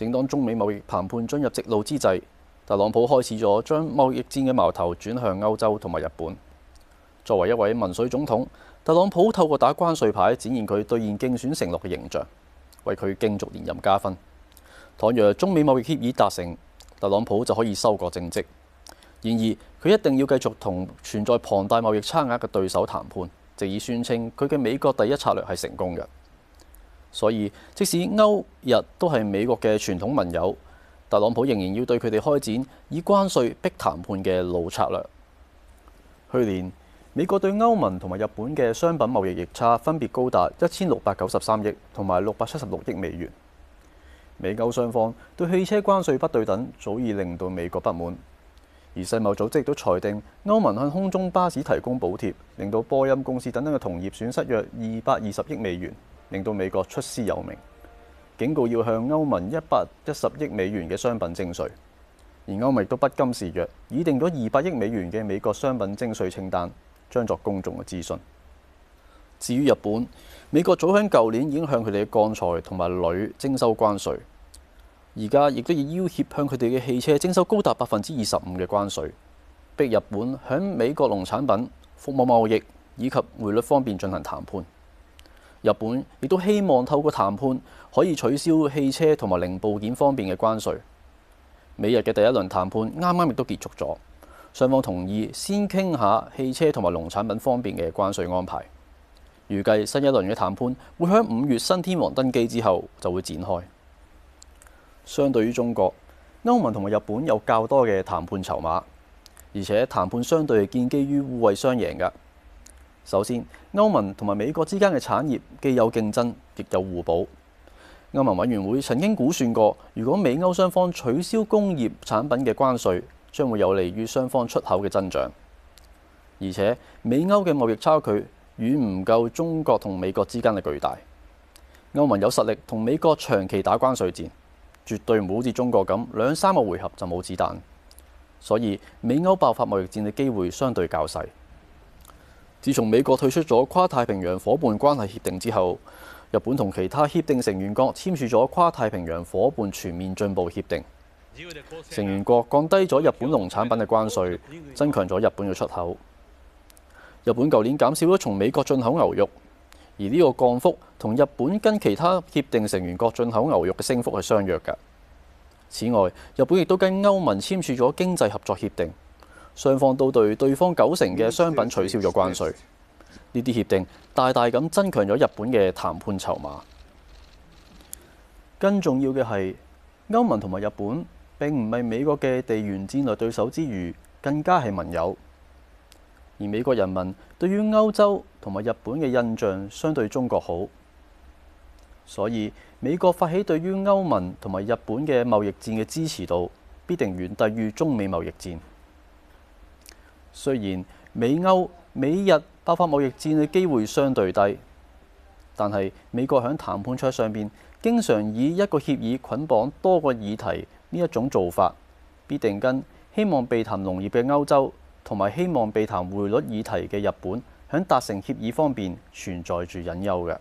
正當中美貿易談判進入直路之際，特朗普開始咗將貿易戰嘅矛頭轉向歐洲同埋日本。作為一位民粹總統，特朗普透過打關稅牌，展現佢兌現競選承諾嘅形象，為佢競逐連任加分。倘若中美貿易協議達成，特朗普就可以收割政績。然而，佢一定要繼續同存在龐大貿易差額嘅對手談判，藉以宣稱佢嘅美國第一策略係成功嘅。所以，即使歐日都係美國嘅傳統盟友，特朗普仍然要對佢哋開展以關稅逼談判嘅路策略。去年，美國對歐盟同埋日本嘅商品貿易逆差分別高達一千六百九十三億同埋六百七十六億美元。美歐雙方對汽車關稅不對等早已令到美國不滿，而世貿組織亦都裁定歐盟向空中巴士提供補貼，令到波音公司等等嘅同業損失約二百二十億美元。令到美國出師有名，警告要向歐盟一百一十億美元嘅商品徵稅，而歐盟亦都不甘示弱，擬定咗二百億美元嘅美國商品徵稅清單，將作公眾嘅諮詢。至於日本，美國早喺舊年已經向佢哋嘅鋼材同埋鋁徵收關稅，而家亦都要要挾向佢哋嘅汽車徵收高達百分之二十五嘅關稅，逼日本響美國農產品、服務貿易以及匯率方面進行談判。日本亦都希望透過談判可以取消汽車同埋零部件方面嘅關稅。美日嘅第一輪談判啱啱亦都結束咗，雙方同意先傾下汽車同埋農產品方面嘅關稅安排。預計新一輪嘅談判會喺五月新天皇登基之後就會展開。相對於中國，歐盟同埋日本有較多嘅談判籌碼，而且談判相對係建基於互惠雙贏嘅。首先，歐盟同埋美國之間嘅產業既有競爭，亦有互補。歐盟委員會曾經估算過，如果美歐雙方取消工業產品嘅關稅，將會有利於雙方出口嘅增長。而且，美歐嘅貿易差距遠唔夠中國同美國之間嘅巨大。歐盟有實力同美國長期打關稅戰，絕對唔好似中國咁兩三個回合就冇子彈。所以，美歐爆發貿易戰嘅機會相對較細。自從美國退出咗跨太平洋伙伴關係協定之後，日本同其他協定成員國簽署咗跨太平洋伙伴全面進步協定，成員國降低咗日本農產品嘅關稅，增強咗日本嘅出口。日本舊年減少咗從美國進口牛肉，而呢個降幅同日本跟其他協定成員國進口牛肉嘅升幅係相若㗎。此外，日本亦都跟歐盟簽署咗經濟合作協定。雙方都對對方九成嘅商品取消咗關稅，呢啲協定大大咁增強咗日本嘅談判籌碼。更重要嘅係，歐盟同埋日本並唔係美國嘅地緣戰略對手之餘，更加係盟友。而美國人民對於歐洲同埋日本嘅印象相對中國好，所以美國發起對於歐盟同埋日本嘅貿易戰嘅支持度，必定遠低於中美貿易戰。雖然美歐美日爆發貿易戰嘅機會相對低，但係美國喺談判桌上邊經常以一個協議捆綁多個議題呢一種做法，必定跟希望避談農業嘅歐洲同埋希望避談匯率議題嘅日本，喺達成協議方面存在住隱憂嘅。